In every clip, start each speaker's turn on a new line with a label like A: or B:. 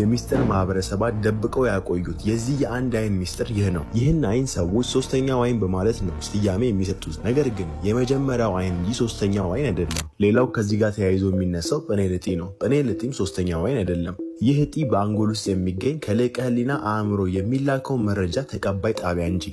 A: የሚስጥር ማህበረሰባት ደብቀው ያቆዩት። የዚህ የአንድ አይን ሚስጥር ይህ ነው። ይህን አይን ሰዎች ሶስተኛው አይን በማለት ነው ስያሜ የሚሰጡት። ነገር ግን የመጀመሪያው አይን እንጂ ሶስተኛው አይን አይደለም። ሌላው ከዚህ ጋር ተያይዞ የሚነሳው ጴኔልጢ ነው። ጴኔልጢም ሶስተኛው አይን አይደለም። ይህ እጢ በአንጎል ውስጥ የሚገኝ ከልዕቀ አእምሮ የሚላከው መረጃ ተቀባይ ጣቢያ እንጂ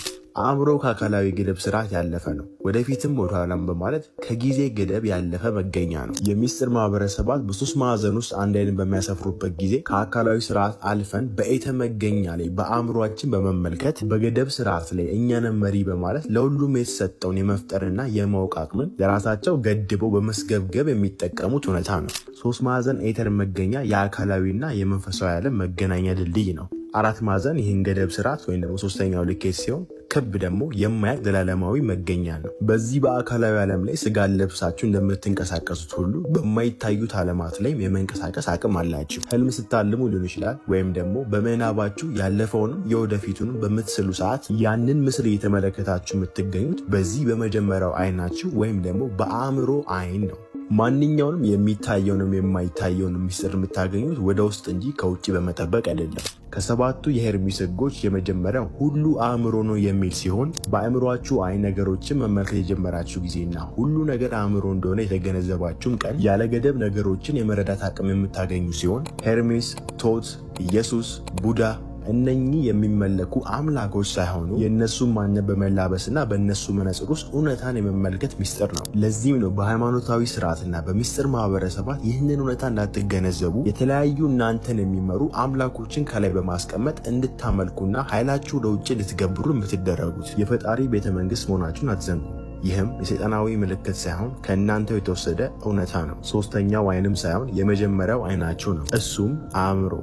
A: አእምሮ ከአካላዊ ገደብ ስርዓት ያለፈ ነው። ወደፊትም ወደኋላም በማለት ከጊዜ ገደብ ያለፈ መገኛ ነው። የሚስጥር ማህበረሰባት በሶስት ማዕዘን ውስጥ አንድ አይን በሚያሰፍሩበት ጊዜ ከአካላዊ ስርዓት አልፈን በኤተ መገኛ ላይ በአእምሯችን በመመልከት በገደብ ስርዓት ላይ እኛንም መሪ በማለት ለሁሉም የተሰጠውን የመፍጠርና የማወቅ አቅምን ለራሳቸው ገድበው በመስገብገብ የሚጠቀሙት እውነታ ነው። ሶስት ማዕዘን ኤተር መገኛ የአካላዊና የመንፈሳዊ ዓለም መገናኛ ድልድይ ነው። አራት ማዕዘን ይህን ገደብ ስርዓት ወይም ደግሞ ሶስተኛው ልኬት ሲሆን ክብ ደግሞ የማያልቅ ዘላለማዊ መገኛ ነው። በዚህ በአካላዊ ዓለም ላይ ስጋ ለብሳችሁ እንደምትንቀሳቀሱት ሁሉ በማይታዩት ዓለማት ላይም የመንቀሳቀስ አቅም አላችሁ። ህልም ስታልሙ ሊሆን ይችላል፣ ወይም ደግሞ በምናባችሁ ያለፈውንም የወደፊቱንም በምትስሉ ሰዓት ያንን ምስል እየተመለከታችሁ የምትገኙት በዚህ በመጀመሪያው አይናችሁ ወይም ደግሞ በአእምሮ አይን ነው። ማንኛውንም የሚታየውንም የማይታየውን ሚስጥር የምታገኙት ወደ ውስጥ እንጂ ከውጭ በመጠበቅ አይደለም። ከሰባቱ የሄርሚስ ህጎች የመጀመሪያው ሁሉ አእምሮ ነው የሚል ሲሆን በአእምሯችሁ አይን ነገሮችን መመልከት የጀመራችሁ ጊዜና ሁሉ ነገር አእምሮ እንደሆነ የተገነዘባችሁም ቀን ያለ ገደብ ነገሮችን የመረዳት አቅም የምታገኙ ሲሆን ሄርሚስ፣ ቶት፣ ኢየሱስ፣ ቡዳ እነኚህ የሚመለኩ አምላኮች ሳይሆኑ የእነሱን ማንነት በመላበስና በእነሱ መነጽር ውስጥ እውነታን የመመልከት ሚስጥር ነው። ለዚህም ነው በሃይማኖታዊ ስርዓትና በሚስጥር ማህበረሰባት ይህንን እውነታ እንዳትገነዘቡ የተለያዩ እናንተን የሚመሩ አምላኮችን ከላይ በማስቀመጥ እንድታመልኩና ኃይላችሁ ለውጭ ልትገብሩ የምትደረጉት የፈጣሪ ቤተ መንግስት መሆናችሁን አትዘንጉ። ይህም የሰይጣናዊ ምልክት ሳይሆን ከእናንተው የተወሰደ እውነታ ነው። ሶስተኛው አይንም ሳይሆን የመጀመሪያው አይናችሁ ነው፣ እሱም አእምሮ